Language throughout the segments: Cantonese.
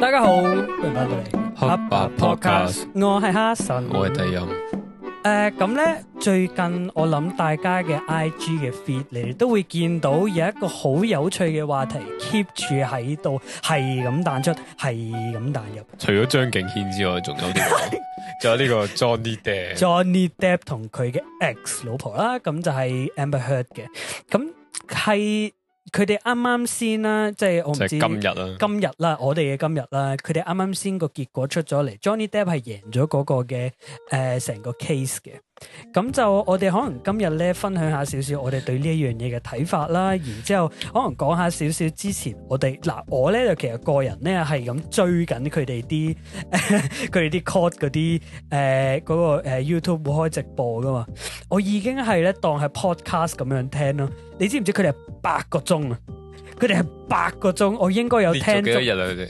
大家好，歡迎翻到嚟。黑白 pod podcast，我係哈神，我係低音。誒、呃，咁咧最近我諗大家嘅 IG 嘅 feed，你哋都會見到有一個好有趣嘅話題 keep 住喺度，係咁彈出，係咁彈入。除咗張敬軒之外，仲有啲， 仲有呢個 Johnny Depp。Johnny Depp 同佢嘅 ex 老婆啦，咁就係 Amber Heard 嘅，咁係。佢哋啱啱先啦，即係我唔知今日啦，今日啦，我哋嘅今日啦，佢哋啱啱先個結果出咗嚟，Johnny Depp 係贏咗嗰個嘅呃、成個 case 嘅。咁就我哋可能今日咧，分享下少少我哋對呢一樣嘢嘅睇法啦，然之後可能講下少少之前我哋嗱我咧，就其實個人咧，係咁追緊佢哋啲佢哋啲 court 嗰啲，誒嗰個誒、呃、YouTube 會開直播噶嘛，我已經係咧，當係 podcast 咁樣聽咯。你知唔知佢哋係八個鐘啊？佢哋係八個鐘，我應該有聽幾多日啊？佢哋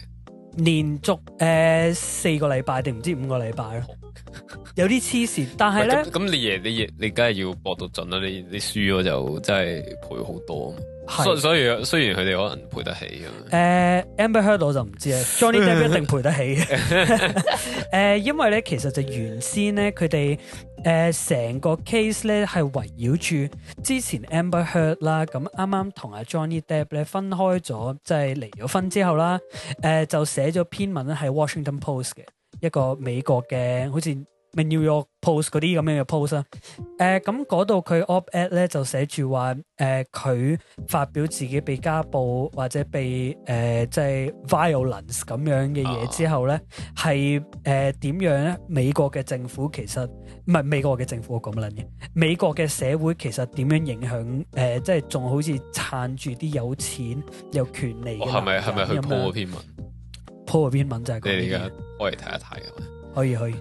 連續誒，四個禮拜定唔知五個禮拜咯。有啲黐線，但係咧，咁你嘢你你梗係要搏到盡啦！你你，你，你，你輸咗就真係賠好多啊嘛。係，是的 所以雖然佢哋可能賠得起，誒、呃、，Amber Heard 我就唔知啦 ，Johnny Depp 一定賠得起。誒、 呃，因為咧，其實就原先咧，佢哋誒成個 case 咧係圍繞住之前 Amber Heard 啦，咁啱啱同阿 Johnny Depp 咧分開咗，即、就、係、是、離咗婚之後啦，誒、呃、就寫咗篇文咧，係 Washington Post 嘅一個美國嘅好似。New York Post 嗰啲咁樣嘅 post 啊，誒咁嗰度佢 op-ed 咧就寫住話誒佢發表自己被家暴或者被誒即、呃、係、就是、violence 咁樣嘅嘢之後咧，係誒點樣咧？美國嘅政府其實唔係美國嘅政府，咁撚嘅。美國嘅社會其實點樣影響誒、呃？即係仲好似撐住啲有錢有權利嘅，係咪係咪去 po 嗰篇文？po 嗰篇文就係你而家我嚟睇一睇，可以可以。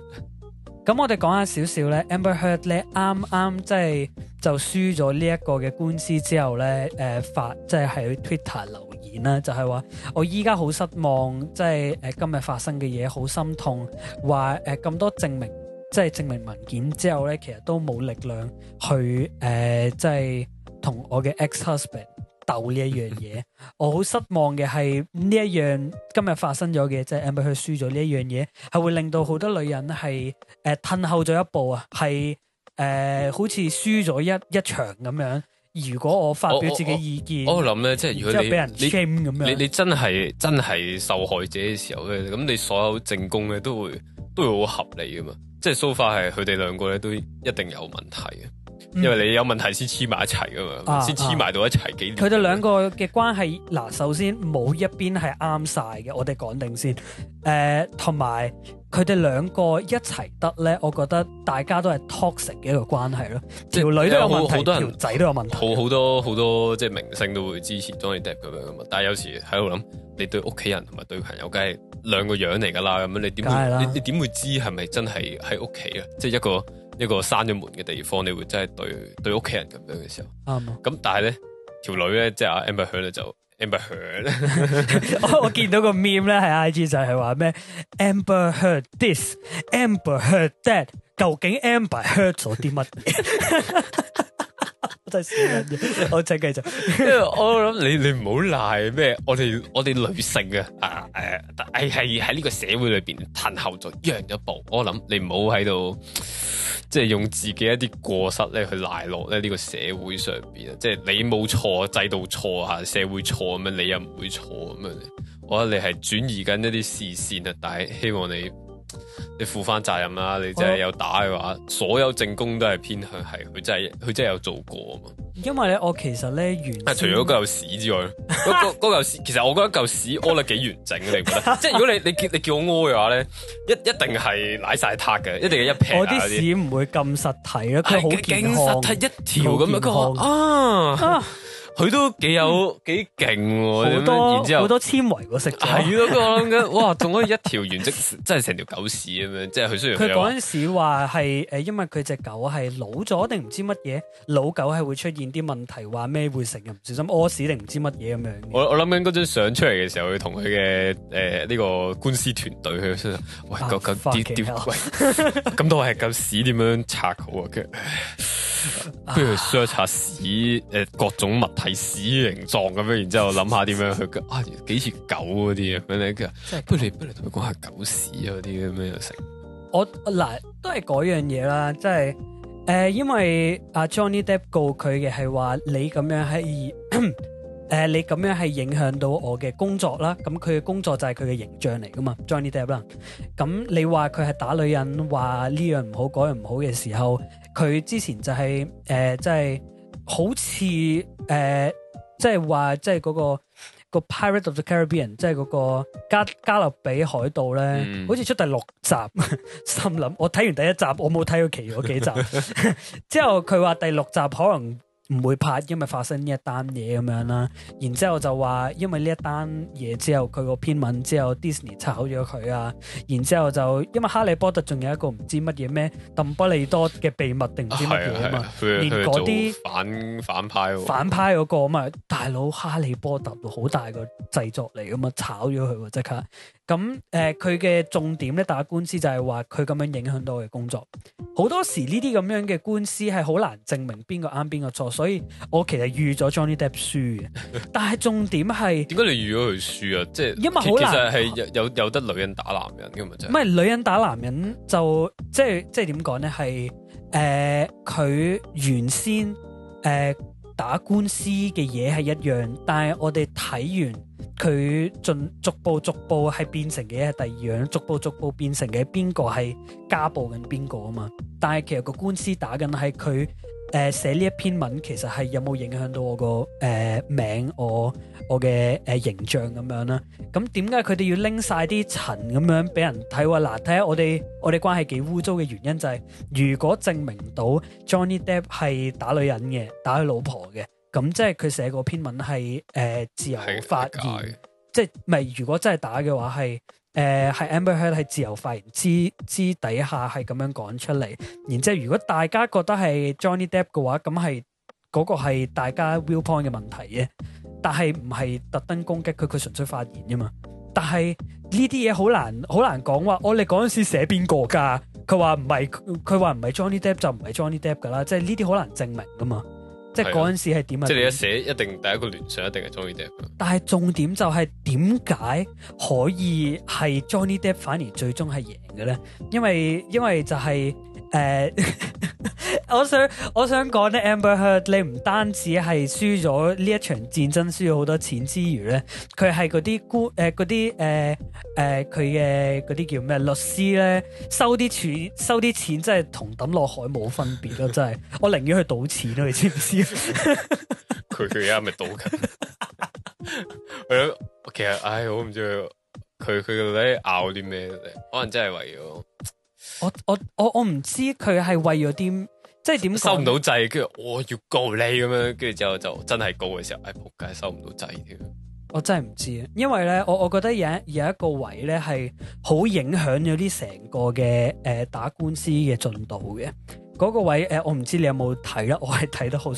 咁我哋講下少少咧，Amber Heard 咧啱啱即係就輸咗呢一個嘅官司之後咧，誒發即係、就、喺、是、Twitter 留言啦，就係、是、話我依家好失望，即係誒今日發生嘅嘢好心痛，話誒咁多證明即係、就是、證明文件之後咧，其實都冇力量去誒即係同我嘅 ex-husband。 斗呢一樣嘢，我好失望嘅係呢一樣今日發生咗嘅，即係 Amber 輸咗呢一樣嘢，係會令到好多女人係誒褪後咗一步啊，係誒、呃、好似輸咗一一場咁樣。如果我發表自己意見，我諗咧，即係如果俾人咁你樣，你你，你真係真係受害者嘅時候咧，咁你所有證供咧都會都會好合理噶嘛。即係 so far 係佢哋兩個咧都一定有問題因為你有問題先黐埋一齊噶嘛，先黐埋到一齊幾年，啊。佢哋兩個嘅關係，嗱，首先冇一邊係啱晒嘅，我哋講定先。誒、呃，同埋佢哋兩個一齊得咧，我覺得大家都係 toxic 嘅一個關係咯。條即女都有問題，條、呃、仔都有問題。好好多好多即係明星都會支持 Johnny Depp 咁樣啊嘛，但係有時喺度諗，你對屋企人同埋對朋友，梗係兩個樣嚟噶啦。咁樣你點你你點會知係咪真係喺屋企啊？即係一個。一個閂咗門嘅地方，你會真係對對屋企人咁樣嘅時候，咁但係咧條女咧即係阿 Amber Heard 咧就 Amber Heard 咧，我我見到個 meme 咧喺 IG 就係話咩 amber heard this，amber heard that，究竟 amber heard 咗啲乜？ 我請繼續。我諗你你唔好賴咩？我哋我哋女性啊，誒，係喺呢個社會裏邊，退後咗讓一步。我諗你唔好喺度，即係用自己一啲過失咧去賴落咧呢個社會上邊啊！即係你冇錯，制度錯啊，社會錯咁樣，你又唔會錯咁樣。我覺得你係轉移緊一啲視線啊，但係希望你。你負翻責任啦，你真係有打嘅話，oh. 所有證供都係偏向係佢真係佢真係有做過啊嘛。因為咧，我其實咧完，原除咗嚿屎之外，嗰嗰嚿屎，其實我覺得嚿屎屙得幾完整，你唔覺得？ 即係如果你你叫你叫我屙嘅話咧，一一定係瀨晒撻嘅，一定係一撇啊，啲屎唔會咁實體咯，係好的健康，實體一條咁樣個啊。啊佢都幾有幾勁喎，然之後好多纖維我食咗。係咯、啊，我諗緊，哇，仲可以一條原跡， 真係成條狗屎咁樣，即係佢需要。佢嗰陣時話係因為佢隻狗係老咗定唔知乜嘢，老狗係會出現啲問題，話咩會成日唔小心屙屎定唔知乜嘢咁樣。我我諗緊嗰張相出嚟嘅時候，佢同佢嘅呢個官司團隊去喂，個喂咁多係咁屎，點樣拆好啊？跟住，跟住 search 下屎、呃、各種物。係屎形狀咁樣，然之後諗下點樣去噶 啊？幾似狗嗰啲啊，佢哋即話，不如不如同佢講下狗屎嗰啲咁樣嘅食。我嗱都係嗰樣嘢啦，即係誒，因為阿 Johnny Depp 告佢嘅係話你咁樣係，誒，你咁樣係影響到我嘅工作啦。咁佢嘅工作就係佢嘅形象嚟噶嘛，Johnny Depp 啦。咁你話佢係打女人，話呢樣唔好，嗰樣唔好嘅時候，佢之前就係、是、誒，即、呃、係。就是好似誒、呃，即係話，即係嗰個個《Pirate of the Caribbean》，即係嗰個加加勒比海盜咧，嗯、好似出第六集，心諗我睇完第一集，我冇睇到其餘幾集， 之後佢話第六集可能。唔會拍，因為發生呢一單嘢咁樣啦。然之後就話，因為呢一單嘢之後，佢個篇文之後，Disney 炒咗佢啊。然之後就因為哈利波特仲有一個唔知乜嘢咩鄧不利多嘅秘密定唔知乜嘢啊嘛。連嗰啲反反派，反派嗰、嗰個啊嘛、嗰個，大佬哈利波特好大個製作嚟啊嘛，炒咗佢喎，即刻。咁誒，佢嘅、呃、重點咧，打官司就係話佢咁樣影響到嘅工作，好多時呢啲咁樣嘅官司係好難證明邊個啱邊個錯，所以我其實預咗 Johnny Depp 輸嘅， 但係重點係點解你預咗佢輸啊？即係因為好難，其實係有有有得女人打男人嘅咪真係？唔係女人打男人就即係即係點講咧？係誒，佢、呃、原先誒。呃打官司嘅嘢係一樣，但係我哋睇完佢進逐步逐步係變成嘅係第二樣，逐步逐步變成嘅邊個係家暴緊邊個啊嘛，但係其實個官司打緊係佢。誒、呃、寫呢一篇文其實係有冇影響到我個誒、呃、名我我嘅誒、呃、形象咁樣啦？咁點解佢哋要拎晒啲塵咁樣俾人睇？話嗱睇下我哋我哋關係幾污糟嘅原因就係、是、如果證明到 Johnny Depp 係打女人嘅打佢老婆嘅，咁即係佢寫嗰篇文係誒、呃、自由發言，即係咪如果真係打嘅話係？誒係 Amber Heard 係自由發言之之底下係咁樣講出嚟，然之後如果大家覺得係 Johnny Depp 嘅話，咁係嗰個係大家 Viewpoint 嘅問題嘅，但係唔係特登攻擊佢，佢純粹發言啫嘛。但係呢啲嘢好難好難講話，我哋嗰陣時寫邊個㗎？佢話唔係，佢話唔係 Johnny Depp 就唔係 Johnny Depp 㗎啦，即係呢啲好難證明㗎嘛。即係嗰陣時係點啊！即係你一寫一定第一個聯想一定係 Johnny Depp。但係重點就係點解可以係 Johnny Depp 反而最終係贏嘅咧？因為因為就係、是。誒、uh, 我想我想講咧，Amber Heard，你唔單止係輸咗呢一場戰爭，輸咗好多錢之餘咧，佢係嗰啲官誒，嗰啲誒誒，佢嘅嗰啲叫咩律師咧，收啲錢，收啲錢真係同抌落海冇分別咯，真係， 我寧願去賭錢咯，你知唔知？佢佢而家咪賭緊，是是賭 我其實唉，我唔知佢佢佢到底拗啲咩咧，可能真係為咗。我我我我唔知佢係為咗啲，即係點收唔到掣，跟住我要告你咁樣，跟住之後就真係告嘅時候，哎仆街，收唔到掣添。我真係唔知，因為咧，我我覺得有有一個位咧係好影響咗啲成個嘅誒、呃、打官司嘅進度嘅。嗰、那個位誒、呃，我唔知你有冇睇啦，我係睇得好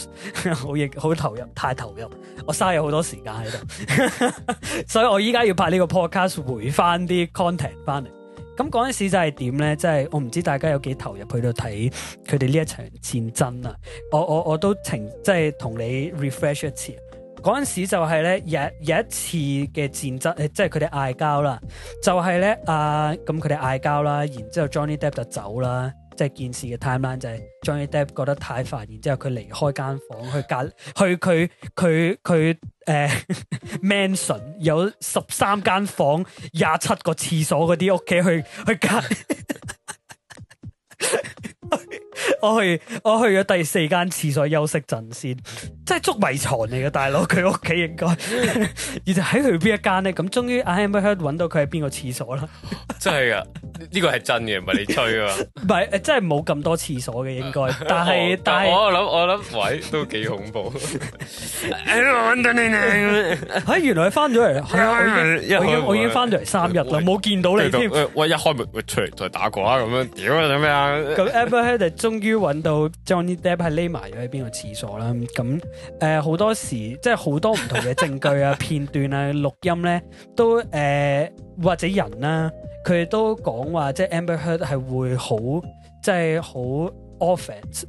好熱好投入，太投入，我嘥咗好多時間喺度， 所以我依家要拍呢個 podcast 回翻啲 content 翻嚟。咁嗰陣時就係點咧？即係我唔知大家有幾投入去到睇佢哋呢一場戰爭啊！我我我都情即係同你 refresh 一次。嗰陣時就係咧，有有一次嘅戰爭，即係佢哋嗌交啦，就係咧啊，咁佢哋嗌交啦，然之後 Johnny Depp 就走啦。即係件事嘅 timeline 就係 Johnny Depp 覺得太煩，然之後佢離開間房去隔去佢佢佢誒 mansion 有十三間房間，廿七個廁所嗰啲屋企去去隔。 我去我去咗第四間廁所休息陣先，即係捉迷藏嚟嘅，大佬佢屋企應該，而就喺佢邊一間咧。咁終於 Amber Heard 揾到佢喺邊個廁所啦。真係噶，呢個係真嘅，唔係你吹啊。唔係，真係冇咁多廁所嘅應該。但係，但係我諗我諗，喂，都幾恐怖。誒，我揾到你啦！吓，原來你翻咗嚟啦。我已我已翻咗嚟三日啦，冇見到你。我一開門，會出嚟再打過啊。咁樣，屌咩啊？咁終於揾到 Johnny Depp 係匿埋咗喺邊個廁所啦，咁誒好多時即係好多唔同嘅證據啊、 片段啊、錄音咧，都誒、呃、或者人啦、啊，佢都講話即係 Amber Heard 係會好即係好 offense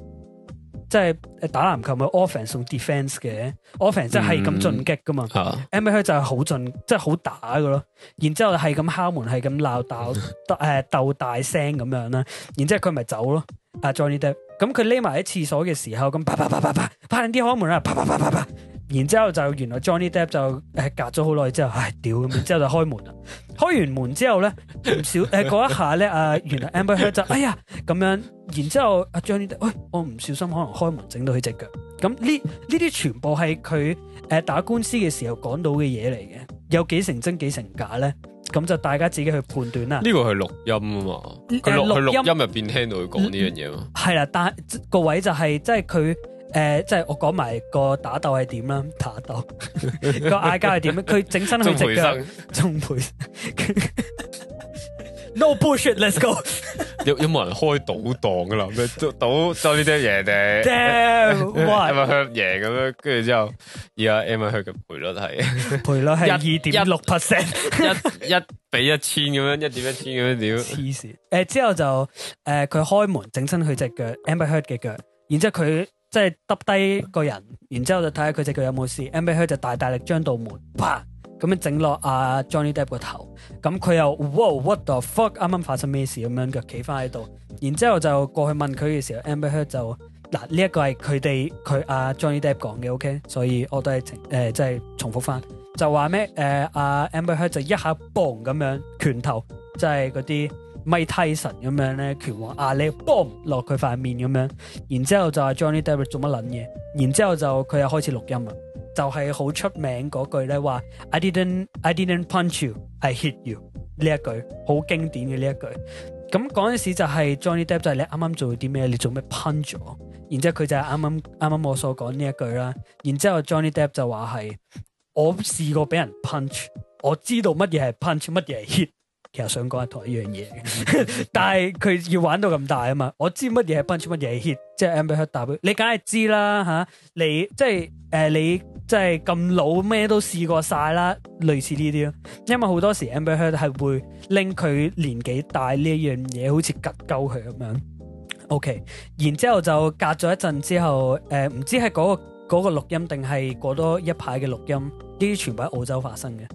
即係打籃球咪 offense 同 defense 嘅 offense 即係咁進擊噶嘛、嗯啊，Amber Heard 就係好進即係好打噶咯，然之後係咁敲門係咁鬧鬥誒鬥大聲咁樣啦，然之後佢咪走咯。阿、啊、Johnny Depp 咁佢匿埋喺廁所嘅時候，咁啪啪啪啪啪快啲開門啦，啪啪啪啪啪，然之後就原來 Johnny Depp 就誒、呃、隔咗好耐之後，唉屌咁，然之後就開門啦，開完門之後咧唔少誒嗰一下咧，阿、啊、原來 Amber Heard 就哎呀咁樣，然之後阿、啊、Johnny Depp 喂、哎、我唔小心可能開門整到佢隻腳，咁呢呢啲全部係佢誒打官司嘅時候講到嘅嘢嚟嘅。有幾成真幾成假咧？咁就大家自己去判斷啦。呢個係錄音啊嘛，佢錄喺錄音入邊聽到佢講呢樣嘢嘛、嗯。係、嗯、啦，但個位就係即係佢誒，即係、呃、我講埋個打鬥係點啦，打鬥個嗌交係點，佢整身去直嘅。鍾培生，鍾 No bullshit，let's go。 有冇人開賭檔噶啦？賭賭呢啲嘢定？Damn！Why？Amber Heard 贏咁樣，跟住之後，而家 Amber Heard 嘅賠率係賠率係二點一六 percent，一比一千咁樣，一點一千咁樣屌。黐線！誒，之後就誒，佢開門整親佢隻腳，Amber Heard 嘅腳，然之後佢即係揼低個人，然之後就睇下佢隻腳有冇事。Amber Heard 就大大力將道門，啪！咁樣整落阿、啊、Johnny Depp 個頭，咁佢又 w h a what the fuck 啱啱發生咩事？咁樣就企翻喺度，然之後就過去問佢嘅時候 a m b e r Heard 就，嗱呢一個係佢哋佢阿 Johnny Depp 講嘅，OK，所以我都係誒即係重複翻，就話咩誒阿、呃啊、a m b e r Heard 就一下 boom 咁樣拳頭，即係嗰啲咪 i 神咁樣咧拳王阿力 boom 落佢塊面咁樣，然之後就阿 Johnny Depp 做乜撚嘢，然之後就佢又開始錄音啦。就係好出名嗰句咧，話 I didn't I didn't punch you，I hit you 呢一句好經典嘅呢一句。咁嗰陣時就係 Johnny Depp 就係你啱啱做啲咩？你做咩 punch 咗？然之後佢就係啱啱啱啱我所講呢一句啦。然之後 Johnny Depp 就話係我試過俾人 punch，我知道乜嘢係 punch，乜嘢係 hit。其實想講同一樣嘢嘅， 但係佢要玩到咁大啊嘛。我知乜嘢係 punch，乜嘢係 hit，即係 Amber h a 你梗係知啦嚇。你即係誒你。即係咁老咩都試過晒啦，類似呢啲咯。因為好多時 Amber Heard 係會拎佢年紀大呢一樣嘢，好似拮鳩佢咁樣。OK，然之後就隔咗一陣之後，誒、呃、唔知係嗰、那個嗰錄音定係過多一排嘅錄音，呢啲全部喺澳洲發生嘅。誒、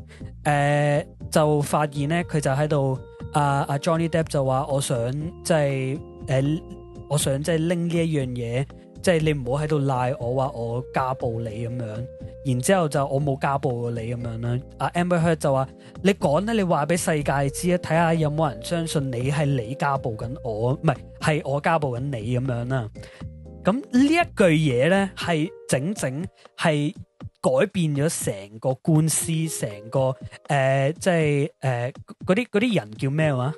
呃、就發現咧，佢就喺度，阿、啊、阿、啊、Johnny Depp 就話、就是呃：我想即係誒，我想即係拎呢一樣嘢。即係你唔好喺度賴我話我家暴你咁樣，然之後就我冇家暴過你咁樣啦。阿 Amber Heard 就話你講咧，你話俾世界知啊，睇下有冇人相信你係你家暴緊我，唔係係我家暴緊你咁樣啦。咁呢一句嘢咧係整整係改變咗成個官司，成個誒即係誒嗰啲嗰啲人叫咩話？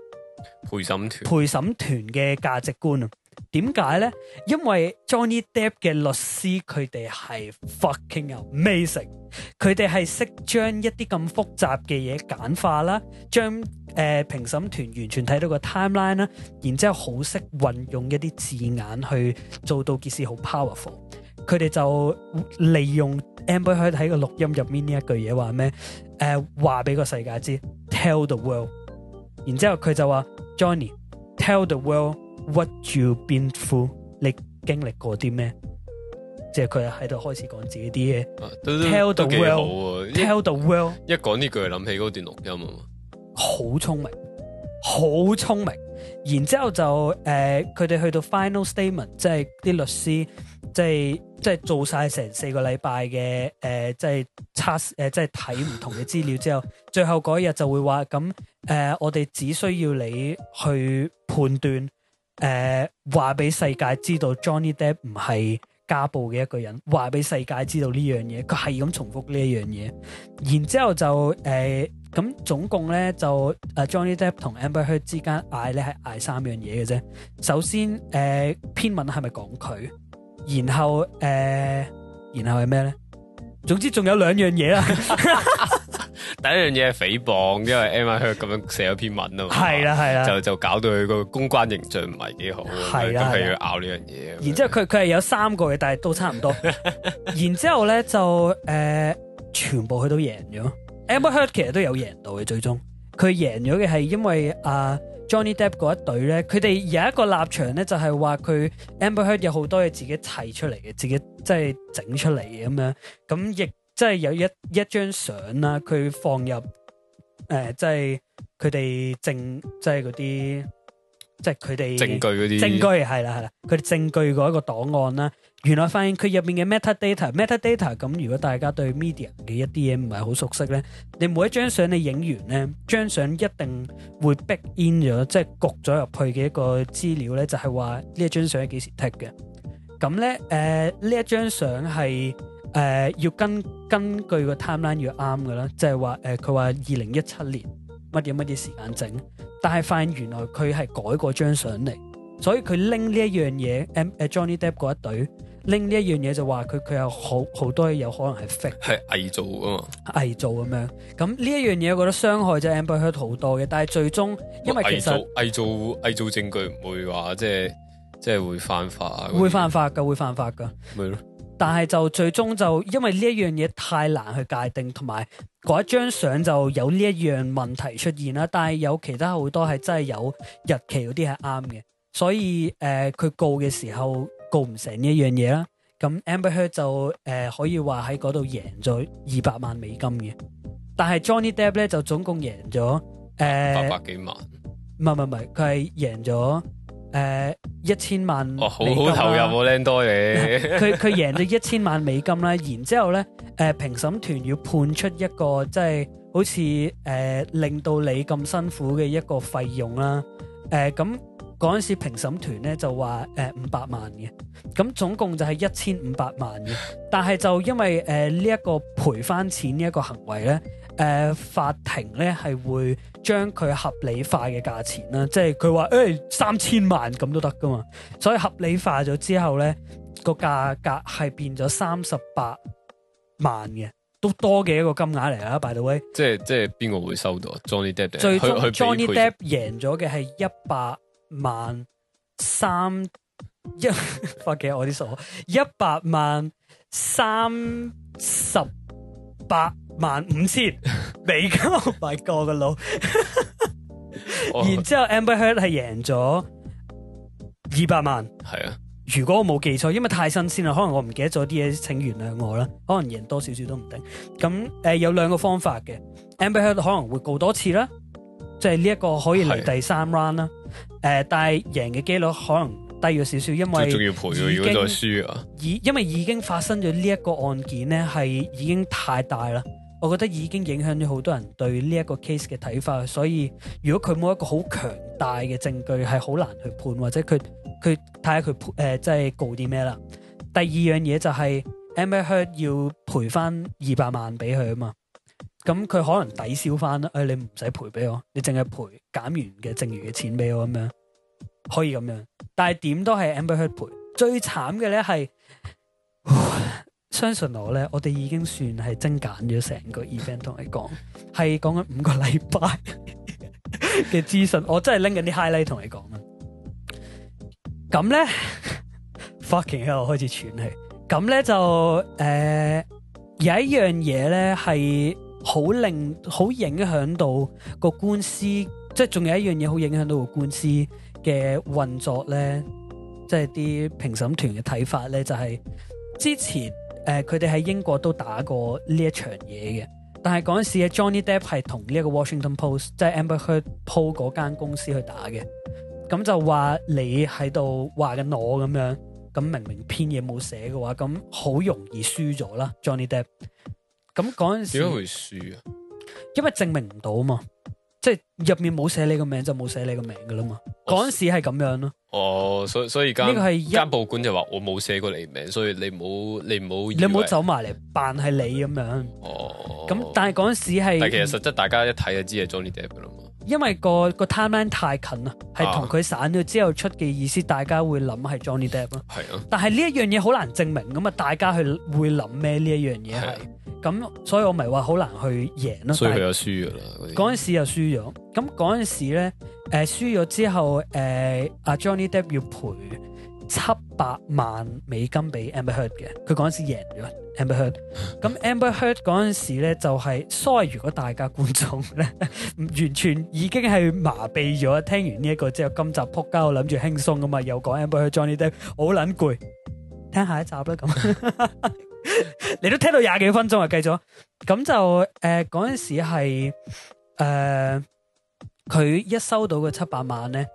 陪審團陪審團嘅價值觀啊！點解咧？因為 Johnny Depp 嘅律師佢哋係 fucking amazing，佢哋係識將一啲咁複雜嘅嘢簡化啦，將誒、呃、評審團完全睇到個 timeline 啦，然之後好識運用一啲字眼去做到件事好 powerful，佢哋就利用 Amber 喺個錄音入面呢一句嘢話咩？誒話俾個世界知，tell the world，然之後佢就話 Johnny，tell the world。What you been through? 你經歷過啲咩？即係佢喺度開始講自己啲嘢。啊、Tell the world，tell、啊、the world。一講呢句想那，諗起嗰段錄音啊嘛。好聰明，好聰明。然之後就誒，佢、呃、哋去到 final statement，即係啲律師，即係即係做晒成四個禮拜嘅誒，即係查誒，即係睇唔同嘅資料之後， 最後嗰日就會話咁誒，我哋只需要你去判斷。誒，話俾、呃、世界知道 Johnny Depp 唔係家暴嘅一個人，話俾世界知道呢樣嘢，佢係咁重複呢樣嘢，然之後就誒，咁、呃、總共咧就誒 Johnny Depp 同 Amber Heard 之間嗌咧係嗌三樣嘢嘅啫，首先誒，篇、呃、文係咪講佢？然後誒、呃，然後係咩咧？總之仲有兩樣嘢啦。第一樣嘢係誹謗，因為 Amber Heard 咁樣寫咗篇文 啊，係啦係啦，啊、就就搞到佢個公關形象唔係幾好，咁係、啊、要拗呢樣嘢。啊啊、然之後佢佢係有三個嘅，但係都差唔多。 然之後咧就誒、呃，全部佢都贏咗。 Amber Heard 其實都有贏到嘅，最終佢贏咗嘅係因為阿、啊、Johnny Depp 嗰一隊咧，佢哋有一個立場咧，就係話佢 Amber Heard 有好多嘢自己砌出嚟嘅，自己即係整出嚟嘅咁樣，咁亦。即係有一一張相啦，佢放入誒、呃，即係佢哋證，即係嗰啲，即係佢哋證據嗰啲證據係啦係啦，佢哋證據，證據嗰一個檔案啦，原來發現佢入面嘅 metadata，metadata 咁 met，如果大家對 media 嘅一啲嘢唔係好熟悉咧，你每一張相你影完咧，張相一定會 baked in 咗，即係焗咗入去嘅一個資料咧，就係、是、話呢、呃、一張相係幾時 take 嘅，咁咧誒呢一張相係。誒、呃、要根根據個 timeline 要啱嘅啦，即係話誒佢話二零一七年乜嘢乜嘢時間整，但係發現原來佢係改過張相嚟，所以佢拎呢一樣嘢，M、啊啊、Johnny Depp 嗰一隊拎呢一樣嘢就話佢佢有好好多嘢有可能係 fake 係偽造啊嘛，偽造咁樣，咁呢一樣嘢我覺得傷害就 Amber Heard 好多嘅，但係最終因為其實、欸、偽造偽造，偽造證據唔會話即係即係會犯法，會犯法，會犯法㗎會犯法㗎，咪咯。但係就最終就因為呢一樣嘢太難去界定，同埋嗰一張相就有呢一樣問題出現啦。但係有其他好多係真係有日期嗰啲係啱嘅，所以誒佢、呃、告嘅時候告唔成呢一樣嘢啦。咁 Amber Heard 就誒、呃、可以話喺嗰度贏咗二百萬美金嘅，但係 Johnny Depp 咧，就總共贏咗誒、呃、八百幾萬，唔係唔係唔係，佢係贏咗。誒，一千、呃、萬哦好，好投入喎，靚多你。佢佢贏咗一千萬美金咧， 然之後咧，誒、呃，評審團要判出一個即係、就是、好似誒、呃、令到你咁辛苦嘅一個費用啦。誒、呃，咁嗰陣時評審團咧就話誒五百萬嘅，咁總共就係一千五百萬嘅，但係就因為誒呢一個賠翻錢呢一個行為咧。誒、呃、法庭咧係會將佢合理化嘅價錢啦，即係佢話誒三千萬咁都得㗎嘛，所以合理化咗之後咧個價格係變咗三十八萬嘅，都多嘅一個金額嚟啦，by the way 即。即係即係邊個會收到？Johnny Depp 最終 Johnny Depp 贏咗嘅係一百萬三一，發 嘅我啲數一百萬三十八。萬五千，美金、 oh、？My God，個佬，然之後 Amber Heard、e、係贏咗二百萬，係啊。如果我冇記錯，因為太新鮮啦，可能我唔記得咗啲嘢，請原諒我啦。可能贏多少少都唔定。咁誒、呃、有兩個方法嘅 Amber Heard 可能會告多次啦，即係呢一個可以嚟第三 round 啦。誒是、呃，但係贏嘅機率可能低咗少少，因為仲要賠如果再輸啊，以因為已經發生咗呢一個案件咧，係已經太大啦。我覺得已經影響咗好多人對呢一個 case 嘅睇法，所以如果佢冇一個好強大嘅證據，係好難去判，或者佢佢睇下佢判誒，即係、呃、告啲咩啦。第二樣嘢就係、是、Amber Heard 要賠翻二百萬俾佢啊嘛，咁佢可能抵消翻啦。誒、哎，你唔使賠俾我，你淨係賠減完嘅剩餘嘅錢俾我咁樣，可以咁樣。但係點都係 Amber Heard 賠。最慘嘅咧係。呃相信我咧，我哋已經算係精簡咗成個 event 同你講，係講緊五個禮拜嘅資訊，我真係拎緊啲 highlight 同你講啊！咁咧，fucking 喺度開始喘氣，咁咧就誒、呃、有一樣嘢咧係好令好影響到個官司，即係仲有一樣嘢好影響到個官司嘅運作咧，即係啲評審團嘅睇法咧，就係、是就是、之前。誒佢哋喺英國都打過呢一場嘢嘅，但係嗰陣時嘅 Johnny Depp 係同呢一個 Washington Post，即係 Amber Heard 報嗰間公司去打嘅，咁就話你喺度話緊我咁樣，咁明明篇嘢冇寫嘅話，咁好容易輸咗啦，Johnny Depp。咁嗰陣時點解會輸啊？因為證明唔到啊嘛。即係入面冇寫你個名就冇寫你個名噶啦嘛，嗰陣、哦、時係咁樣咯。哦，所以所以而家呢個係一間報館就話我冇寫過你名，所以你冇你唔好你唔好走埋嚟扮係你咁樣。哦，咁但係嗰陣時係但係其實實質大家一睇就知係 Johnny Depp 噶咯。因為個個 timeline 太近啦，係同佢散咗之後出嘅意思，大家會諗係 Johnny Depp 咯。係啊。但係呢一樣嘢好難證明，咁啊大家去會諗咩呢一樣嘢係，咁所以我咪話好難去贏咯。所以佢又輸㗎啦。嗰陣時又輸咗，咁嗰陣時咧、呃，輸咗之後，阿、呃、Johnny Depp 要賠。七百萬美金俾 Amber Heard 嘅，佢嗰陣時贏咗 Amber Heard。咁 Amber Heard 嗰陣時咧就係 Sorry，如果大家觀眾咧，完全已經係麻痹咗。聽完呢一個之後，今集撲街，我諗住輕鬆噶嘛，又講 Amber Heard Johnny Depp，我好撚攰，聽下一集啦。咁你都聽到廿幾分鐘啊，繼續。咁就誒嗰陣時係誒，佢一收到個七百萬咧。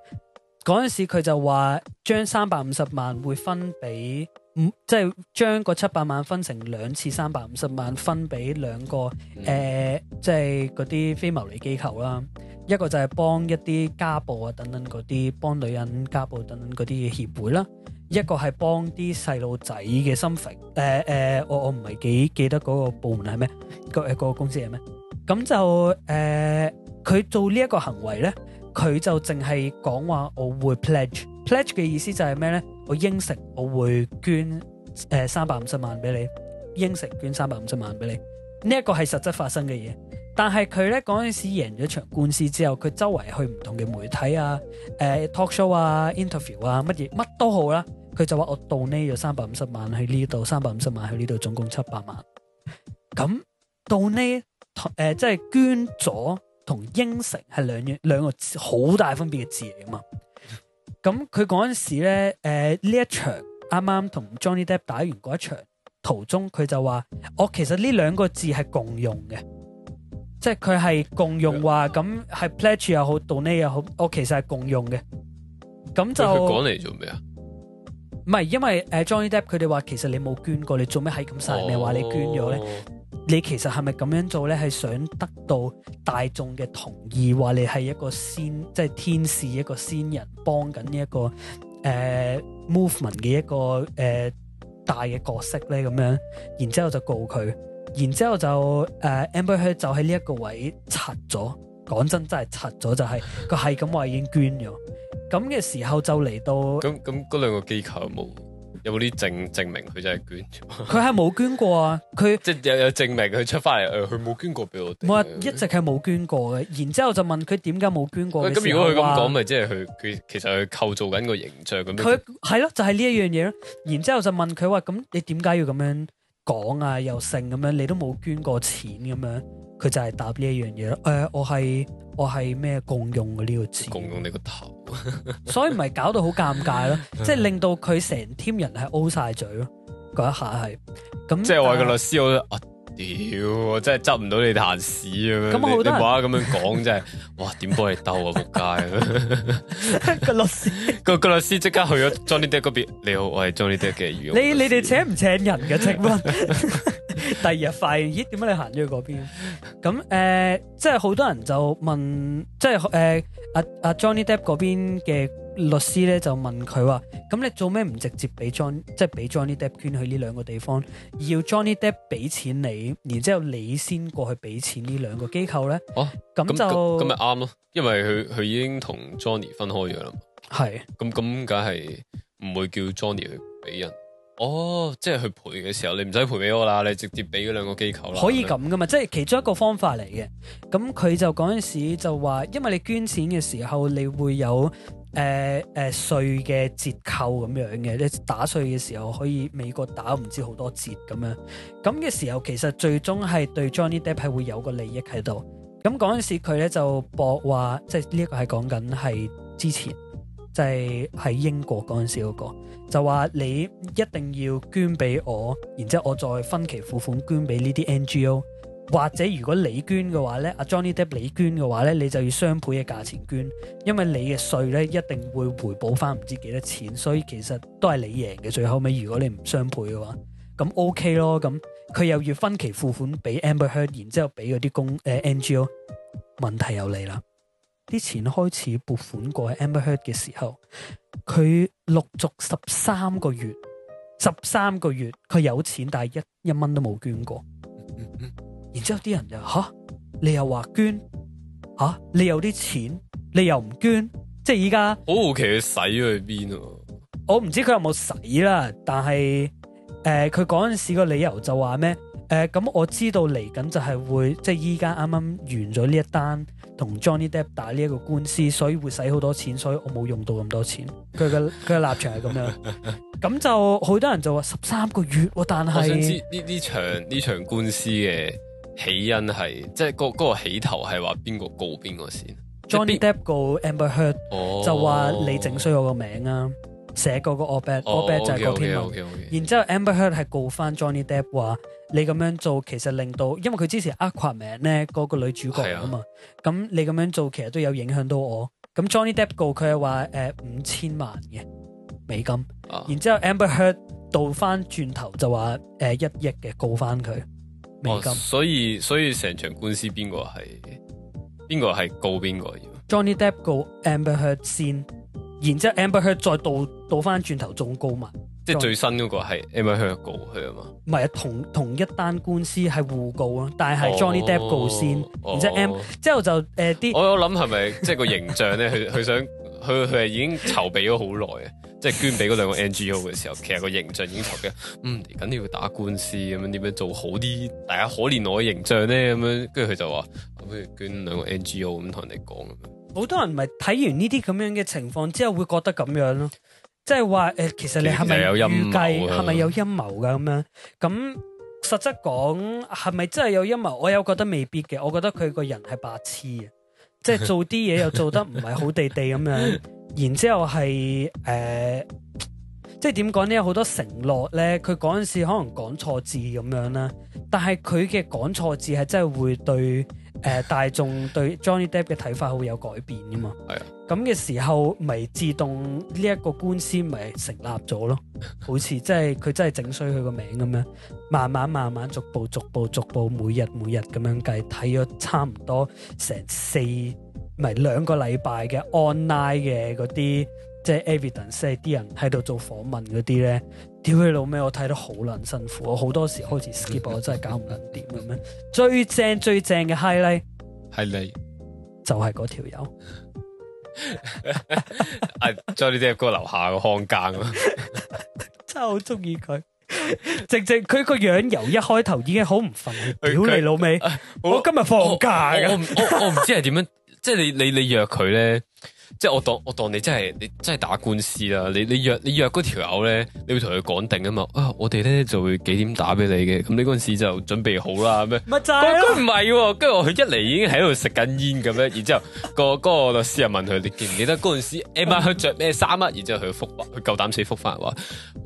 嗰陣時佢就話將三百五十萬會分俾五，即係將個七百萬分成兩次，三百五十萬分俾兩個誒，即係嗰啲非牟利機構啦。一個就係幫一啲家暴啊等等嗰啲，幫女人家暴等等嗰啲協會啦，一個係幫啲細路仔嘅心肺。誒、呃呃、我我唔係幾記得嗰個部門係咩？個、那、誒個公司係咩？咁就誒，佢、呃、做呢一個行為咧。佢就淨係講話，我會 pledge，pledge 嘅意思就係咩咧？我應承我會捐誒三百五十萬俾你，應承捐三百五十萬俾你。呢、這、一個係實質發生嘅嘢，但係佢咧嗰陣時贏咗場官司之後，佢周圍去唔同嘅媒體啊、誒、呃、talk show 啊、interview 啊，乜嘢乜都好啦，佢就話我 donate 咗三百五十萬去呢度，三百五十萬去呢度，總共七百萬。咁 donate 呢誒即係捐咗。同應承係兩樣兩個好大分別嘅字嚟噶嘛？咁佢嗰陣時咧，誒、呃、呢一場啱啱同 Johnny Depp 打完嗰一場途中，佢就話：我其實呢兩個字係共用嘅，即係佢係共用話咁係的 pledge 又好，donate 又好，我其實係共用嘅。咁就講嚟做咩啊？唔係，說你因為誒 Johnny Depp 佢哋話，其實你冇捐過，你做咩喺咁晒？你話、哦、你捐咗咧？你其實係咪咁樣做咧？係想得到大眾嘅同意，話你係一個仙即係天使，一個仙人幫緊呢一個誒、呃、movement 嘅一個誒、呃、大嘅角色咧？咁樣，然之後就告佢，然之後就誒 Amber Heard 就喺呢一個位拆咗。講真，真係拆咗，就係佢係咁話已經捐咗。咁嘅時候就嚟到咁咁嗰兩個機構冇。有冇啲證證明佢真係捐咗？佢係冇捐過啊！佢即係有有證明佢出翻嚟，佢冇捐過俾我、啊。冇啊，一直係冇捐過嘅。然之後就問佢點解冇捐過的。咁如果佢咁講，咪即係佢佢其實佢構造緊個形象咁樣。佢係咯，就係呢一樣嘢咯。然之後就問佢話，咁你點解要咁樣講啊？又剩咁樣，你都冇捐過錢咁樣，佢就係答呢一樣嘢咯。誒、呃，我係。我係咩共用嘅，啊、呢、呢個字？共用你個頭！ 所以唔係搞到好尷尬咯，即係令到佢成 team 人係 O 晒嘴咯，嗰一下係，咁即係我個律師我。呃屌、啊，我真係執唔到你痰屎咁、啊、樣你，你話咁樣講真係，哇點幫你兜啊仆街！個 律師， 個個律師即刻去咗 Johnny Depp 嗰邊。你好，我係 Johnny Depp 嘅。你的你哋請唔請人嘅？請問， 第二日快咦？點解你行咗去嗰邊？咁誒、呃，即係好多人就問，即係誒阿阿 Johnny Depp 嗰邊嘅。呃啊啊律師咧就問佢話：咁你做咩唔直接俾 John 即係俾 Johnny Depp 捐去呢兩個地方，要 Johnny Depp 俾錢你，然之後你先過去俾錢呢兩個機構咧？啊，咁就咁咪啱咯，因為佢佢已經同 Johnny 分開咗啦。係是，咁咁梗係唔會叫 Johnny 去俾人。哦、oh，即係去賠嘅時候，你唔使賠俾我啦，你直接俾嗰兩個機構啦。可以咁噶嘛，是嗎即係其中一個方法嚟嘅。咁佢就嗰陣時就話：因為你捐錢嘅時候，你會有。誒誒稅嘅折扣咁樣嘅，你打稅嘅時候可以美國打唔知好多折咁樣，咁嘅時候，其實最終係對 Johnny Depp 係會有個利益喺度。咁嗰陣時佢咧就博話，即係呢一個係講緊係之前即係喺英國嗰陣時嗰個就話你一定要捐俾我，然之後我再分期付款捐俾呢啲 NGO。或者如果你捐嘅話咧，阿 Johnny Depp 你捐嘅話咧，你就要雙倍嘅價錢捐，因為你嘅稅咧一定會回報翻唔知幾多錢，所以其實都係你贏嘅。最後尾如果你唔雙倍嘅話，咁 OK 咯。咁佢又要分期付款俾 Amber Heard，然之後俾嗰啲公誒 NGO，問題又嚟啦。啲錢開始撥款過 Amber Heard 嘅時候，佢陸續十三個月，十三個月佢有錢，但係一一蚊都冇捐過。 然之後啲人就吓，你又話捐，吓，你有啲錢，你又唔捐，即係依家好好奇佢使咗去邊啊！我唔知佢有冇使啦，但係誒，佢嗰陣時個理由就話咩？誒、呃，咁我知道嚟緊就係會即係依家啱啱完咗呢一單同 Johnny Depp 打呢一個官司，所以會使好多錢，所以我冇用到咁多錢。佢嘅佢嘅立場係咁樣，咁 就好多人就話十三個月，但係我想知呢呢場呢場官司嘅。起因係即係嗰個個起頭係話邊個告邊個先？Johnny Depp 告 Amber Heard，哦，就話你整衰我個名啊。哦、寫個個 op-ed op-ed 就係個篇文。哦 okay, okay, okay, okay. 然之後 Amber Heard 係告翻 Johnny Depp 話你咁樣做其實令到，因為佢之前 Aquaman 咧嗰個女主角啊嘛。咁，啊，你咁樣做其實都有影響到我。咁 Johnny Depp 告佢係話，呃，五千萬嘅美金。啊，然之後 Amber Heard 倒翻轉頭就話，呃，一億嘅告翻佢。哦、所以所以成場官司邊個係邊個係告邊個要？Johnny Depp 告 Amber Heard 先，然之後 Amber Heard 再倒倒翻轉頭仲告嘛？即係最新嗰個係 Amber Heard 告佢啊嘛？唔係啊，同同一單官司係互告啊，但係 Johnny、oh, Depp 告先，oh, 然之後 Am 之後就誒啲、呃、我我諗係咪即係個形象咧？佢佢想佢佢係已經籌備咗好耐啊。即係捐俾嗰兩個 NGO 嘅時候，其實個形象已經投俾，嗯，緊你要打官司咁樣，點樣做好啲，大家可憐我嘅形象咧，咁樣，跟住佢就話，不如捐兩個 NGO 咁同人哋講。好多人咪睇完呢啲咁樣嘅情況之後，會覺得咁樣咯，即係話誒，其實你係咪有計，係咪有陰謀噶咁樣？咁實質講係咪真係有陰謀？我又覺得未必嘅，我覺得佢個人係白痴嘅，即係做啲嘢又做得唔係好地地咁樣。 然之後係誒、呃，即係點講呢？有好多承諾咧，佢嗰陣時可能講錯字咁樣啦。但係佢嘅講錯字係真係會對誒、 呃、大眾對 Johnny Depp 嘅睇法會有改變噶嘛？係啊。咁嘅時候，咪自動呢一個官司咪成立咗咯？好似即係佢真係整衰佢個名咁樣，慢慢慢慢逐步逐步逐步，每日每日咁樣計，睇咗差唔多成四。唔係兩個禮拜嘅 online 嘅嗰啲，即係 evidence，即係啲人喺度做訪問嗰啲咧。屌你老味，我睇得好撚辛苦，我好多時開始 skip，我真係搞唔撚掂。咁樣。最正最正嘅 highlight 係你，就係嗰條友。啊，將呢啲阿哥樓下個看更咯， 真係好中意佢。直直佢個樣由一開頭已經好唔忿，屌你老味、哎哎，我，我今日放假嘅，我我唔知係點樣。 即係你你你約佢咧，即係我當我當你真係你真係打官司啦，你你約你約嗰條友咧，你會同佢講定啊嘛，啊我哋咧就會幾點打俾你嘅，咁你嗰陣時就準備好啦。咁乜仔？佢唔係，跟住我佢一嚟已經喺度食緊煙咁樣，然之後、嗰個、嗰個律師又問佢你記唔記得嗰陣時 M R 着咩衫啊？然之後佢復佢夠膽死復翻話，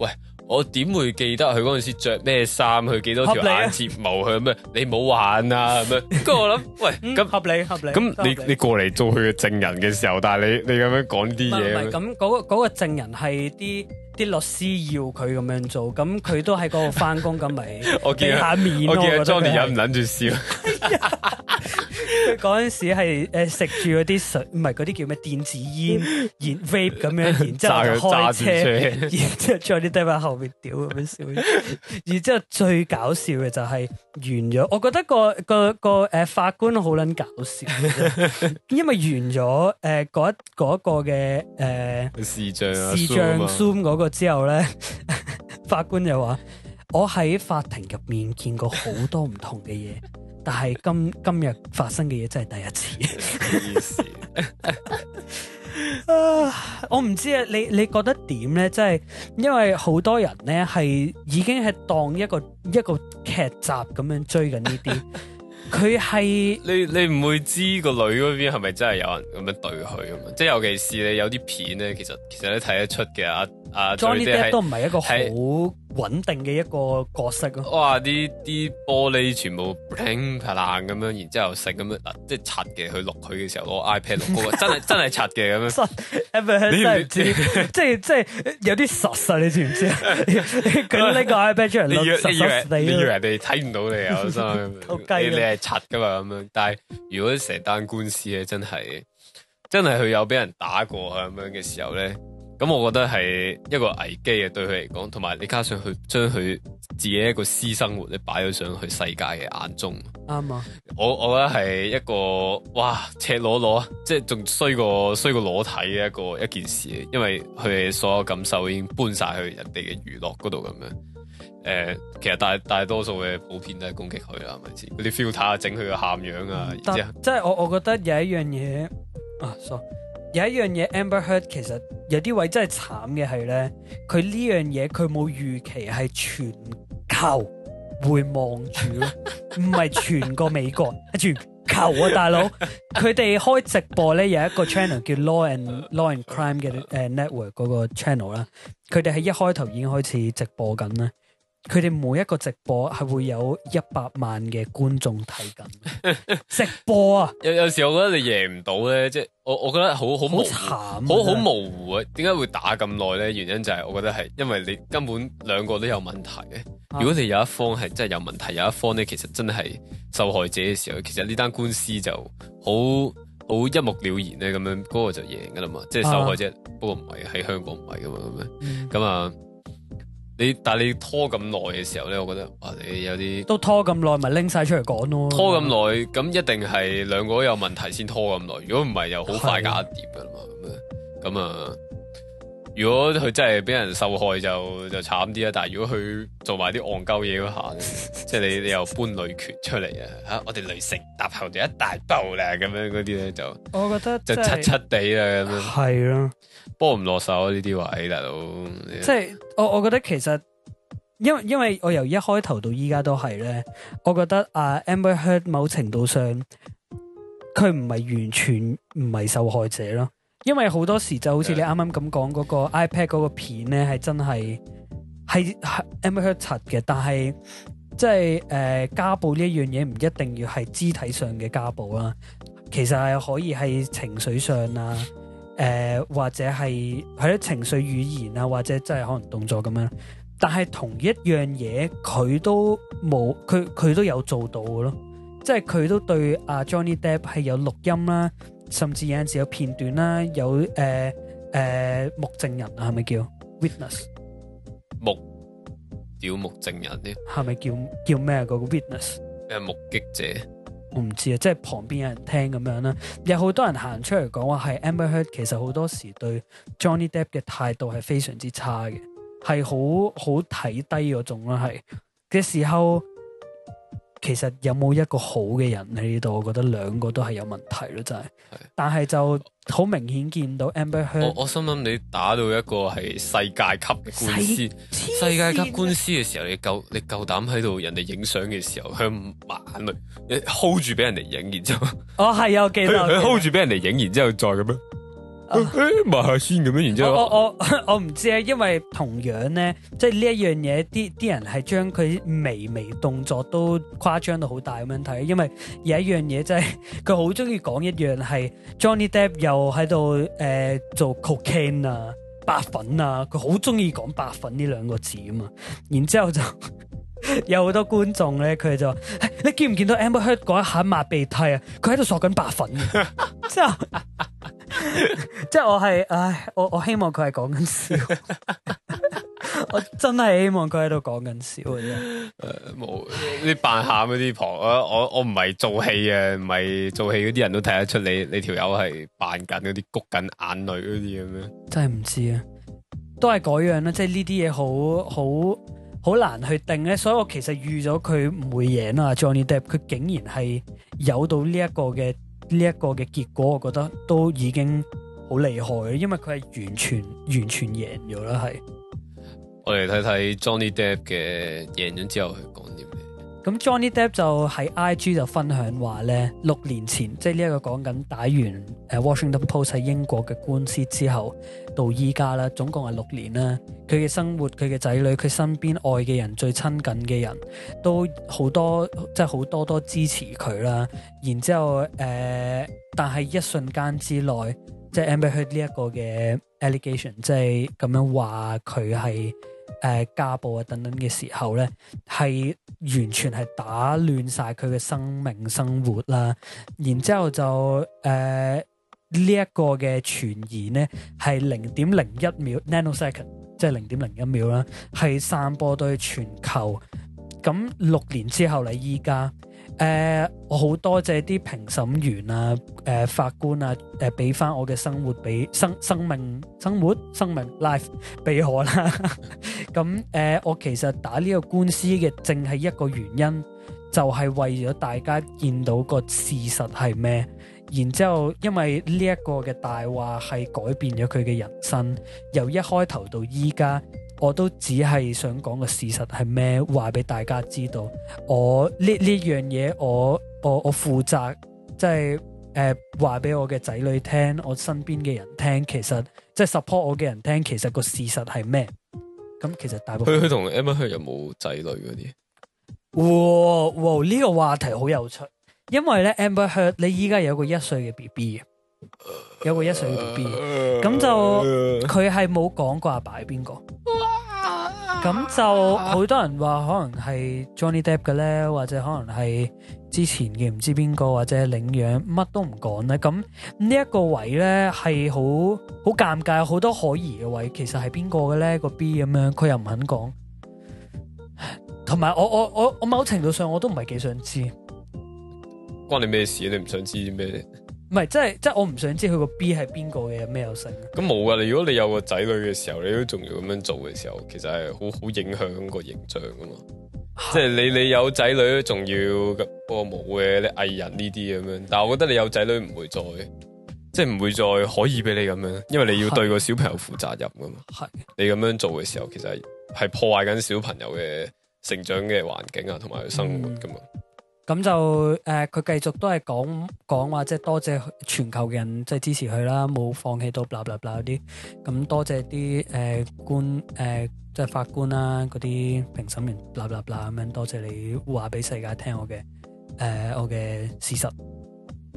喂。我點會記得佢嗰陣時著咩衫，佢幾多條眼睫毛，佢咩理、啊？你冇玩啊！咁樣，不過我諗，喂，咁合理合理。咁你你過嚟做佢嘅證人嘅時候，但係你你咁樣講啲嘢，唔係唔係咁嗰嗰個證人係啲。啲律師要佢咁樣做，咁佢都喺嗰度翻工，咁咪我見下得面咯。我見阿 Johnny 忍唔諗住笑。， 佢嗰陣時係食住嗰啲水，唔係嗰啲叫咩電子煙、煙 vape 咁樣，然之後揸車，車 然之後再啲低擺後面屌咁笑。 然之後最搞笑嘅就係、是。完咗，我覺得個個個誒、呃、法官好撚搞笑， 因為完咗誒嗰一個嘅誒、呃、視像、啊、視像 Zoom 嗰個之後咧， 法官就話：我喺法庭入面見過好多唔同嘅嘢， 但係今今日發生嘅嘢真係第一次。 啊！我唔知啊，你你覺得點咧？即係因為好多人咧係已經係當一個一個劇集咁樣追緊呢啲，佢係 是你你唔會知個女嗰邊係咪真係有人咁樣對佢啊嘛？即係尤其是你有啲片咧，其實其實你睇得出嘅啊啊！Johnny Depp 都唔係一個好是。穩定嘅一個角色咯、啊。哇！啲啲玻璃全部劈爛咁樣，然之後成咁樣，即係拆嘅去錄佢嘅時候，攞 iPad 錄個，真係真係拆嘅咁樣。實是是他真的，你真係唔知即係即係有啲實晒，你知唔知啊？咁 拎個 iPad 出嚟 為，你以為你你，人哋睇唔到你啊！我心 雞了你，你你係拆噶嘛咁樣。但係如果成單官司咧，真係真係佢有俾人打過咁樣嘅時候咧。咁我覺得係一個危機啊，對佢嚟講，同埋你加上佢將佢自己一個私生活咧擺咗上去世界嘅眼中，啱啊！我我覺得係一個哇赤裸裸，即係仲衰過衰過裸體嘅一個一件事，因為佢哋所有感受已經搬晒去人哋嘅娛樂嗰度咁樣。誒、呃，其實大大，大多數嘅普遍都係攻擊佢啦，係咪先？嗰啲 feel 睇下整佢個喊樣啊，行後即係我我覺得有一樣嘢啊，sorry. 有一樣嘢，Amber Heard 其實有啲位真係慘嘅係咧，佢呢樣嘢佢冇預期係全球會望住咯，唔係 全個美國，係 全球啊大佬！佢哋開直播咧，有一個 channel 叫 Law and Law and Crime 嘅 network 嗰、嗰個 channel 啦，佢哋喺一開頭已經開始直播緊啦。佢哋每一個直播係會有一百萬嘅觀眾睇緊直播啊！有 有時我覺得你贏唔到咧，即係我我覺得好好好慘，好好模糊啊！點解會打咁耐咧？原因就係我覺得係因為你根本兩個都有問題嘅。如果你有一方係真係有問題，有一方咧其實真係受害者嘅時候，其實呢單官司就好好一目了然咧，咁樣嗰個就贏噶啦嘛。即、就、係、是、受害者，啊、不過唔係喺香港唔係噶嘛咁樣咁啊。嗯你但你拖咁耐嘅時候咧，我覺得你有啲都拖咁耐，咪拎晒出嚟講咯。拖咁耐，咁一定係兩個有問題先拖咁耐。如果唔係，又好快搞掂噶啦嘛。咁的啊，如果佢真係俾人受害就，就就慘啲啦。但係如果佢做埋啲戇鳩嘢嗰下，即係 你你又搬女權出嚟 啊吓，我哋女性踏後就一大步啦，咁樣嗰啲咧就，我覺得就，是、就七七地啦，係咯。幫唔落手呢啲位大佬，即係、就是、我我覺得其實，因為因為我由一開頭到依家都係咧，我覺得阿、啊、Amber Heard 某程度上，佢唔係完全唔係受害者咯，因為好多時就好似你啱啱咁講嗰個 iPad 嗰個片咧係真係係 Amber Heard 柒嘅，但係即係誒家暴呢樣嘢唔一定要係肢體上嘅家暴啦，其實係可以係情緒上啊。誒、呃，或者係佢啲情緒語言啊，或者真係可能動作咁樣，但係同一樣嘢佢都冇，佢佢都有做到嘅咯，即係佢都對阿、啊、Johnny Depp 係有錄音啦，甚至有陣時有片段啦，有誒誒、呃呃、目證人啊，係咪叫 Witness？目，目啊、是是叫目證人啲，係咪叫叫咩、啊那個 Witness？誒，目擊者。我唔知啊，即係旁邊有人聽咁樣啦，有好多人行出嚟講話係 Amber Heard 其實好多時對 Johnny Depp 嘅態度係非常之差嘅，係好好睇低嗰種啦，係嘅時候。其實有冇一個好嘅人喺呢度？我覺得兩個都係有問題咯，真係。是的但係就好明顯見到 Amber Heard，我心諗你打到一個係世，世界級官司，世界級官司嘅時候，你夠你夠膽喺度人哋影相嘅時候，佢眼淚你 hold 住俾人哋影，然之後，哦係，我記到，hold 住俾人哋影，然之後再咁樣。誒，抹下、啊欸、先咁樣，然之後我我我唔知啊，因為同樣咧，即係呢一樣嘢，啲啲人係將佢微微動作都誇張到好大咁樣睇，因為有一樣嘢即係佢好中意講一樣係 Johnny Depp 又喺度誒做 cocaine 啊白粉啊，佢好中意講白粉呢兩個字啊嘛，然之後就有好多觀眾咧，佢就話你見唔見到 Amber Heard 嗰一下抹鼻涕啊，佢喺度嗦緊白粉，之後。 即係我係，唉，我我希望佢係講緊笑，我真係希望佢喺度講緊笑嘅啫。誒，冇，啲扮喊嗰啲婆，我我我唔係做戲嘅，唔係做戲嗰啲人都睇得出你你條友係扮緊嗰啲，谷緊眼淚嗰啲咁樣。真係唔知啊，都係嗰樣啦，即係呢啲嘢好好好難去定咧。所以我其實預咗佢唔會贏啊，Johnny Depp，佢竟然係有到呢一個嘅。呢一個嘅結果，我覺得都已經好厲害了，因為佢係完全完全贏咗啦，係。我嚟睇睇 Johnny Depp 嘅贏咗之後。咁 Johnny Depp 就喺 IG 就分享話咧，六年前即係呢一個講緊打完誒、呃《Washington Post》喺英國嘅官司之後，到依家啦，總共係六年啦。佢嘅生活、佢嘅仔女、佢身邊愛嘅人、最親近嘅人都好多，即係好多多支持佢啦。然之後誒、呃，但係一瞬間之內，即係 Amber Heard 呢一個嘅 allegation，即係咁樣話佢係。誒、呃，家暴啊等等嘅時候咧，係完全係打亂晒佢嘅生命生活啦。然之後就誒呢一個嘅傳言咧，係零點零一秒 （nanosecond） 即係零點零一秒啦，係散播到全球。咁六年之後你依家。誒、呃，我好多謝啲評審員啊，誒、呃、法官啊，誒俾翻我嘅生，生，生，生活，俾生生命生活生命 life 俾我啦、 嗯。咁、呃、誒，我其實打呢個官司嘅，淨係一個原因，就係、是、為咗大家見到個事實係咩。然之後，因為呢一個嘅大話係改變咗佢嘅人生，由一開頭到依家。我都只係想講個事實係咩，話俾大家知道。我呢呢樣嘢，我我我負責，即係誒話俾我嘅仔女聽，我身邊嘅人聽，其實即係、就是、support 我嘅人聽，其實個事實係咩？咁其實大部分佢佢同 Amber Heard 有冇仔女嗰啲？哇哇！呢、呢個話題好有趣，因為咧 Amber Heard 你依家有一個一歲嘅 BB。有一個一歲 B，咁就佢係冇講過阿爸係邊個，咁就好多人話可能係 Johnny Depp 嘅咧，或者可能係之前嘅唔知邊個，或者領養乜都唔講咧，咁呢一個位咧係好好尷尬，好多可疑嘅位，其實係邊個嘅咧個 B 咁樣，佢又唔肯講，同埋我我我我某程度上我都唔係幾想知，關你咩事？你唔想知咩？唔係，即係即係，我唔想知佢個 B 係邊個嘅咩有性？咁冇噶，你如果你有個仔女嘅時候，你都仲要咁樣做嘅時候，其實係好好影響個形象噶嘛。是即係你你有仔女仲要咁，不過冇嘅，你藝人呢啲咁樣。但係我覺得你有仔女唔會再，即係唔會再可以俾你咁樣，因為你要對個小朋友負責任噶嘛。係的。你咁樣做嘅時候，其實係破壞緊小朋友嘅成長嘅環境啊，同埋佢生活噶嘛。嗯。咁就誒，佢、呃、繼續都係講講話，即、就、係、是、多謝全球嘅人即係、就是、支持佢啦，冇放棄到 bl、ah blah blah 那些，嗱嗱嗱嗰啲。咁多謝啲誒、呃、官誒，即、呃、係、就是、法官啦、啊，嗰啲評審員，嗱嗱嗱咁樣。多謝你話俾世界聽我嘅誒、呃，我嘅事實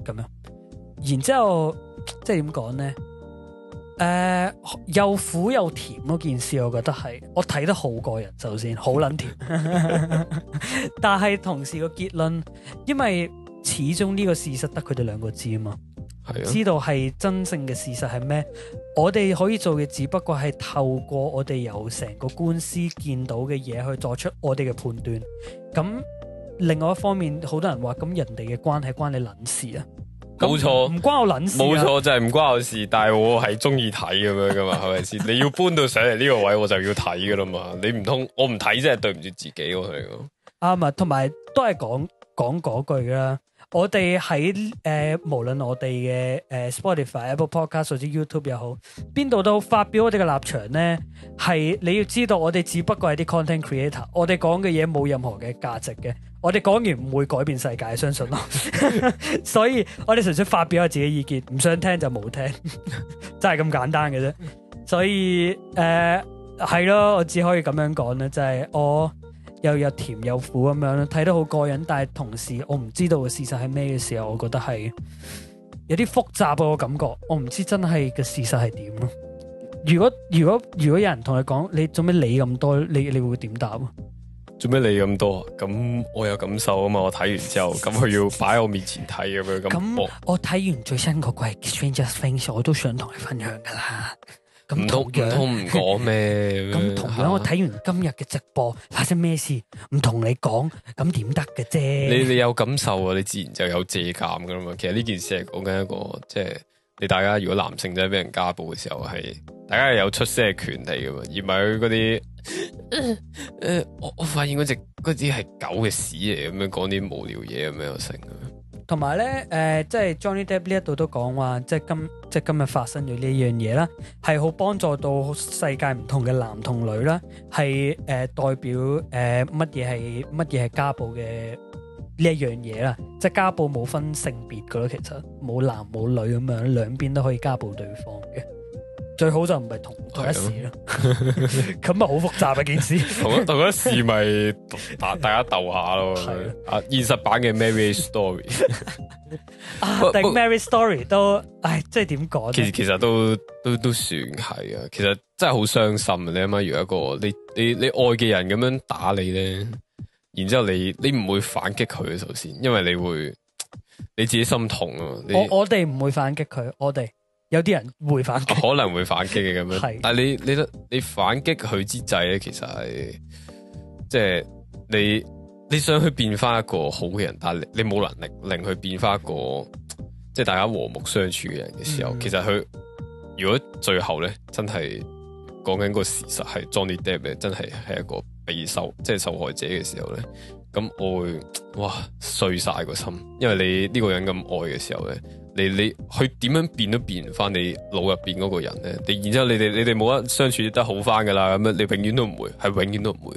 咁樣。然之後即係點講咧？誒、呃，又苦又甜嗰件事，我覺得係我睇得好過人，首先好捻甜， 但係同時個結論，因為始終呢個事實得佢哋兩個知啊嘛，係啊，知道係真正嘅事實係咩？我哋可以做嘅只不過係透過我哋由成個官司見到嘅嘢去作出我哋嘅判斷。咁另外一方面，好多人話咁人哋嘅關係關你捻事啊？冇錯，唔關我捻事冇錯就係唔關我事， 但我係鍾意睇咁樣嘅嘛，係咪先？你要搬到上嚟呢個位，我就要睇㗎啦嘛。你唔通我唔睇，真係對唔住自己喎。係咯。啱啊，同埋都係講講嗰句㗎啦。我哋喺誒，無論我哋嘅誒 Spotify、Apple Podcast，或者 YouTube 又好，邊度都發表我哋嘅立場咧。係你要知道，我哋只不過係啲 content creator，我哋講嘅嘢冇任何嘅價值嘅。我哋講完唔會改變世界，相信 我純純。 所以我哋純粹發表下自己意見，唔想聽就冇聽，真係咁簡單嘅啫。所以誒，係咯，我只可以咁樣講咧，就係我。又又甜又苦咁樣咯，睇得好過癮，但係同時我唔知道嘅事實係咩嘅時候，我覺得係有啲複雜我感覺，我唔知真係嘅事實係點咯。如果如果如果有人同你講，你做咩理咁多？你你會點答？做咩理咁多？咁我有感受啊嘛，我睇完之後，咁佢要擺喺我面前睇咁樣咁。 我我睇完最新嗰季《Stranger Things》，我都想同你分享噶啦。唔同，同，唔通唔講咩？咁同樣、啊、我睇完今日嘅直播發生咩事，唔同你講咁點得嘅啫。你你有感受啊，你自然就有借鑒噶啦嘛。其實呢件事係講緊一個，即係你大家如果男性仔俾人家暴嘅時候，係大家有出聲嘅權利噶嘛，而唔係嗰啲誒。我我發現嗰隻嗰隻係狗嘅屎嚟，咁樣講啲無聊嘢咁樣又成。同埋咧，呃、即係 Johnny Depp 呢一度都講話，即係今即係今日發生咗呢一樣嘢啦，係好幫助到世界唔同嘅男同女啦，係、呃、代表呃、乜嘢係乜嘢係家暴嘅呢一樣嘢啦，即係家暴冇分性別噶咯，其實冇男冇女咁樣，兩邊都可以家暴對方嘅。最好就唔係同一時咯，咁咪好複雜嘅件事。同同一時咪大大家鬥下咯。係啊，現實版嘅 Mary Story，定 Mary Story 都，唉，即係點講？其實其實都都都算係啊。其實真係好傷心，你諗下，如果一個你你你愛嘅人咁樣打你咧，然之後你你唔會反擊佢首先，因為你會你自己心痛啊。我我哋唔會反擊佢，我哋。有啲人會反、啊，可能會反擊嘅咁樣。 是的 但係你，你你反擊佢之際咧，其實係即係你你想去變翻一個好嘅人，但係你冇能力令佢變翻一個即係、就是、大家和睦相處嘅人嘅時候，嗯、其實佢如果最後咧真係講緊個事實係 Johnny Depp 真係係一個被受，即係受害者嘅時候咧，咁我會哇碎晒個心，因為你呢個人咁愛嘅時候咧。你你佢點樣變都變翻你腦入邊嗰個人咧？你然之後你哋你哋冇得相處得好翻噶啦，咁樣你永遠都唔會，係永遠都唔會，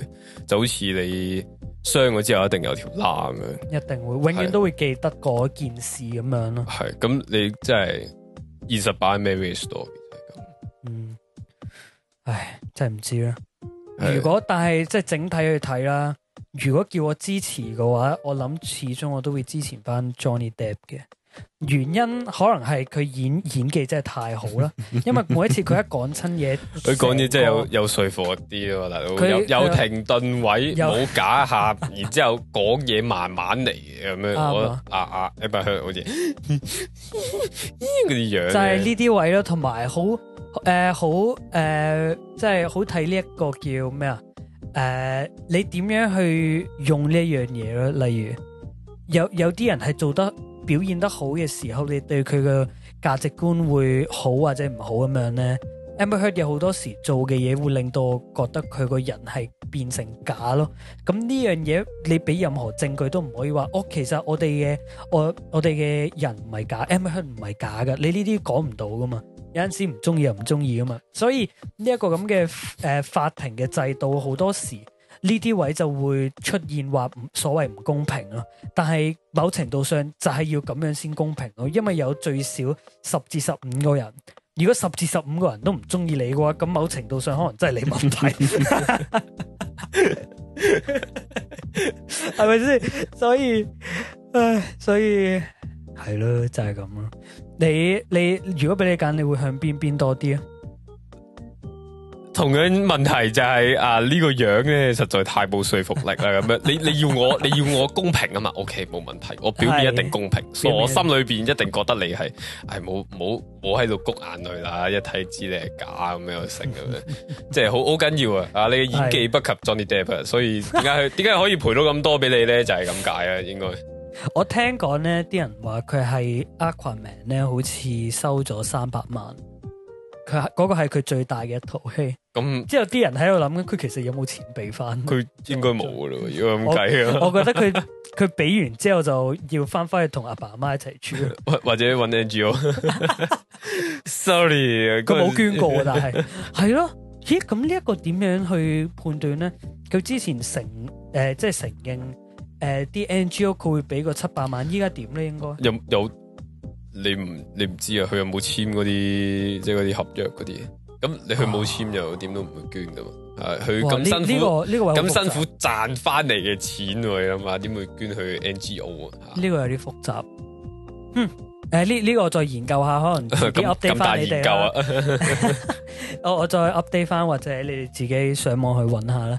就好似你傷咗之後一定有條罅咁樣，一定會永遠都會記得嗰是件事咁樣咯。係咁你真係現實版咩？嗯，唉，真係唔知啦。如果是但係即係整體去睇啦，如果叫我支持嘅話，我諗始終我都會支持翻 Johnny Depp 嘅。原因可能係佢演演技真係太好啦， 因為每一次佢一講親嘢，佢講嘢真係有 有，有說服啲咯。大佬，佢有他停頓位，冇又假下， 然之後講嘢慢慢嚟咁樣。吧我啊啊，一、啊啊、不好似，依個啲樣就係呢啲位咯，同埋好誒，好誒，即係好睇呢一個叫咩啊？誒、呃，你點樣去用呢一樣嘢咯？例如有有啲人係做得。表現得好嘅時候，你對佢嘅價值觀會好或者唔好咁樣咧 Amber Heard 有好多時做嘅嘢會令到我覺得佢個人係變成假咯。咁呢樣嘢你俾任何證據都唔可以話，哦，其實我哋嘅我我哋嘅人唔係假 Amber Heard 唔係假嘅。你呢啲講唔到噶嘛？有陣時唔中意又唔中意噶嘛。所以呢一個咁嘅誒法庭嘅制度好多時。呢啲位就會出現話所謂唔公平咯，但係某程度上就係要咁樣先公平咯，因為有最少十至十五個人，如果十至十五個人都唔中意你嘅話，咁某程度上可能真係你問題，係咪先？所以，唉，所以係咯，就係咁咯。你你如果俾你揀，你會向邊邊多啲啊？同樣問題就係、是、啊呢、呢個樣咧實在太冇說服力啦咁樣。 你你要我你要我公平啊嘛，OK 冇問題，我表面一定公平，是所以我心裏邊一定覺得你係，唉冇冇冇喺度谷眼淚啦，一睇知你係假咁樣成咁樣， 即係好好緊要啊！啊你嘅演技不及 Johnny Depp 啊，所以點解佢點解可以賠到咁多俾你咧？就係咁解啊，應該。我聽講咧，啲人話佢係 Aquaman 咧，好似收咗三百萬。佢嗰、那個係佢最大嘅一套戲，咁那之後啲人喺度諗，佢其實有冇錢俾翻？佢應該冇噶咯，如果咁計啊。我覺得佢佢俾完之後就要翻翻去同阿爸阿媽一齊住，或者揾 NGO。Sorry，佢冇捐過， 但係係咯，咦？咁呢一個點樣去判斷咧？佢之前承誒，即、呃、係、就是、承認誒，啲、呃、NGO 佢會俾個七百萬，依家點咧？應該有有。有你唔你唔知道他有有，就是，你他啊，佢有冇簽嗰啲即係嗰啲合約嗰啲，咁你佢冇簽又點都唔會捐噶嘛？係佢咁辛苦，咁、這個這個，辛苦賺翻嚟嘅錢，我諗下點會捐去 NGO 啊？呢個有啲複雜，嗯，誒呢呢個我再研究一下，可能咁 update 翻你哋啊。我 我再 update 翻，或者你哋自己上網去揾下啦。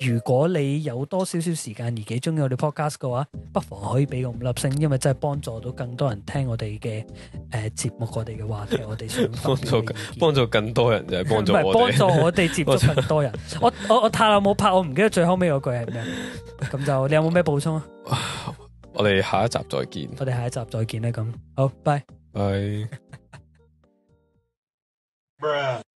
如果你有多少少時間而幾中意我哋 podcast 嘅話，不妨可以俾個五粒星，因為真係幫助到更多人聽我哋嘅誒節目，我哋嘅話題，我哋想幫助幫助更多人就係幫助我哋，唔係幫 助我哋接觸更多人。 我我我太耐冇拍，我唔記得最後尾嗰句係咩，咁 就你有冇咩補充啊？ 我哋下一集再見，我哋下一集再見啦。咁好，拜拜 Bye.